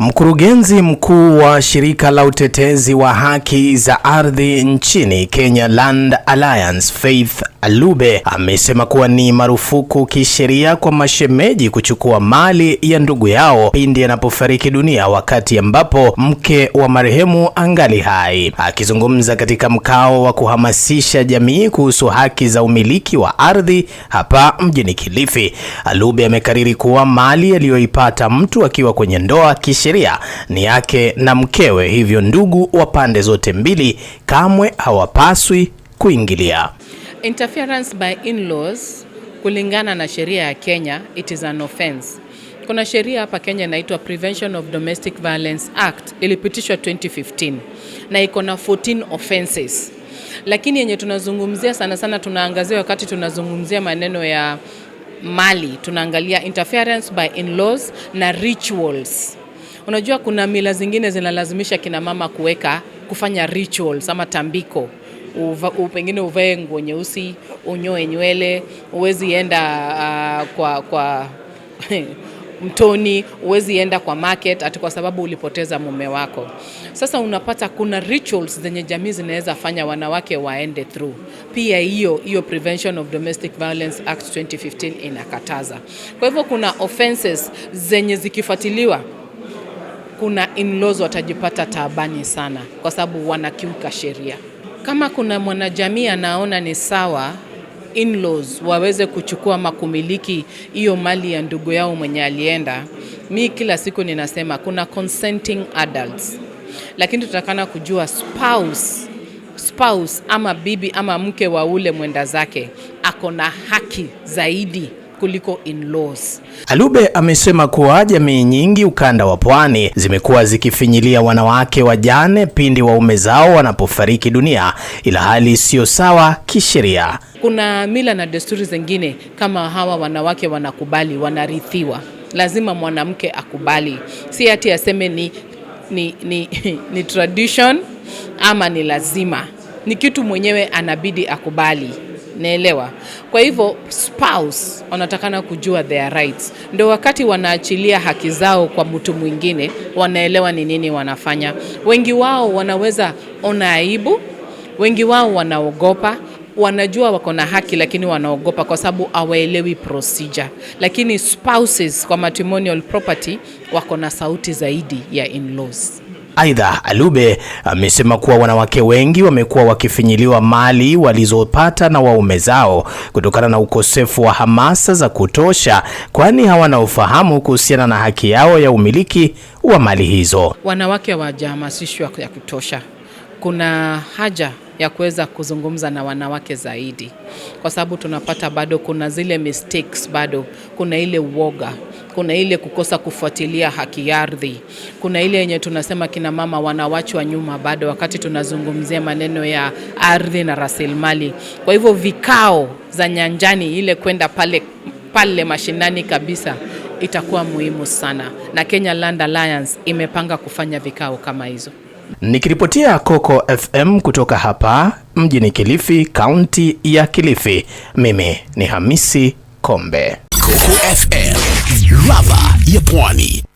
Mkurugenzi mkuu wa shirika la utetezi wa haki za ardhi nchini Kenya Land Alliance, Faith Alube amesema kuwa ni marufuku kisheria kwa mashemeji kuchukua mali ya ndugu yao pindi anapofariki dunia wakati ambapo mke wa marehemu angali hai. Akizungumza katika mkao wa kuhamasisha jamii kuhusu haki za umiliki wa ardhi hapa mjini Kilifi, Alube amekariri kuwa mali aliyoipata mtu akiwa kwenye ndoa kisheria kisheria ni yake na mkewe, hivyo ndugu wa pande zote mbili kamwe hawapaswi kuingilia. Interference by in-laws kulingana na sheria ya Kenya it is an offense. Kuna sheria hapa Kenya inaitwa Prevention of Domestic Violence Act ilipitishwa 2015 na iko na 14 offenses, lakini yenye tunazungumzia sana sana tunaangazia wakati tunazungumzia maneno ya mali tunaangalia interference by in-laws na rituals Unajua kuna mila zingine zinalazimisha kina mama kuweka kufanya rituals ama tambiko Uva, pengine uvae nguo nyeusi, unyoe nywele, uwezi enda uh, kwa, kwa mtoni, uwezi enda kwa market ati kwa sababu ulipoteza mume wako. Sasa unapata kuna rituals zenye jamii zinaweza fanya wanawake waende through. Pia hiyo hiyo Prevention of Domestic Violence Act 2015 inakataza. Kwa hivyo kuna offenses zenye zikifuatiliwa kuna in-laws watajipata taabani sana, kwa sababu wanakiuka sheria. Kama kuna mwanajamii anaona ni sawa in-laws waweze kuchukua makumiliki hiyo mali ya ndugu yao mwenye alienda, mi kila siku ninasema kuna consenting adults, lakini tutakana kujua spouse, spouse ama bibi ama mke wa ule mwenda zake ako na haki zaidi kuliko in-laws. Alube amesema kuwa jamii nyingi ukanda wa pwani zimekuwa zikifinyilia wanawake wajane pindi waume zao wanapofariki dunia, ila hali sio sawa kisheria. Kuna mila na desturi zingine kama hawa wanawake wanakubali, wanarithiwa. Lazima mwanamke akubali, si ati aseme ni, ni, ni, ni tradition ama ni lazima, ni kitu mwenyewe anabidi akubali naelewa. Kwa hivyo spouse wanatakana kujua their rights, ndio wakati wanaachilia haki zao kwa mtu mwingine, wanaelewa ni nini wanafanya. Wengi wao wanaweza ona aibu, wengi wao wanaogopa wanajua wako na haki lakini wanaogopa kwa sababu hawaelewi procedure. Lakini spouses kwa matrimonial property wako na sauti zaidi ya in-laws. Aidha, Alube amesema kuwa wanawake wengi wamekuwa wakifinyiliwa mali walizopata na waume zao kutokana na ukosefu wa hamasa za kutosha, kwani hawana ufahamu kuhusiana na haki yao ya umiliki wa mali hizo. Wanawake hawajahamasishwa ya kutosha. Kuna haja ya kuweza kuzungumza na wanawake zaidi, kwa sababu tunapata bado kuna zile mistakes, bado kuna ile uoga, kuna ile kukosa kufuatilia haki ya ardhi, kuna ile yenye tunasema kina mama wanawachwa nyuma bado wakati tunazungumzia maneno ya ardhi na rasilimali. Kwa hivyo vikao za nyanjani, ile kwenda pale pale mashinani kabisa itakuwa muhimu sana, na Kenya Land Alliance imepanga kufanya vikao kama hizo. Nikiripotia Coco FM kutoka hapa mjini Kilifi, kaunti ya Kilifi, mimi ni Hamisi Kombe, Coco FM, ladha ya Pwani.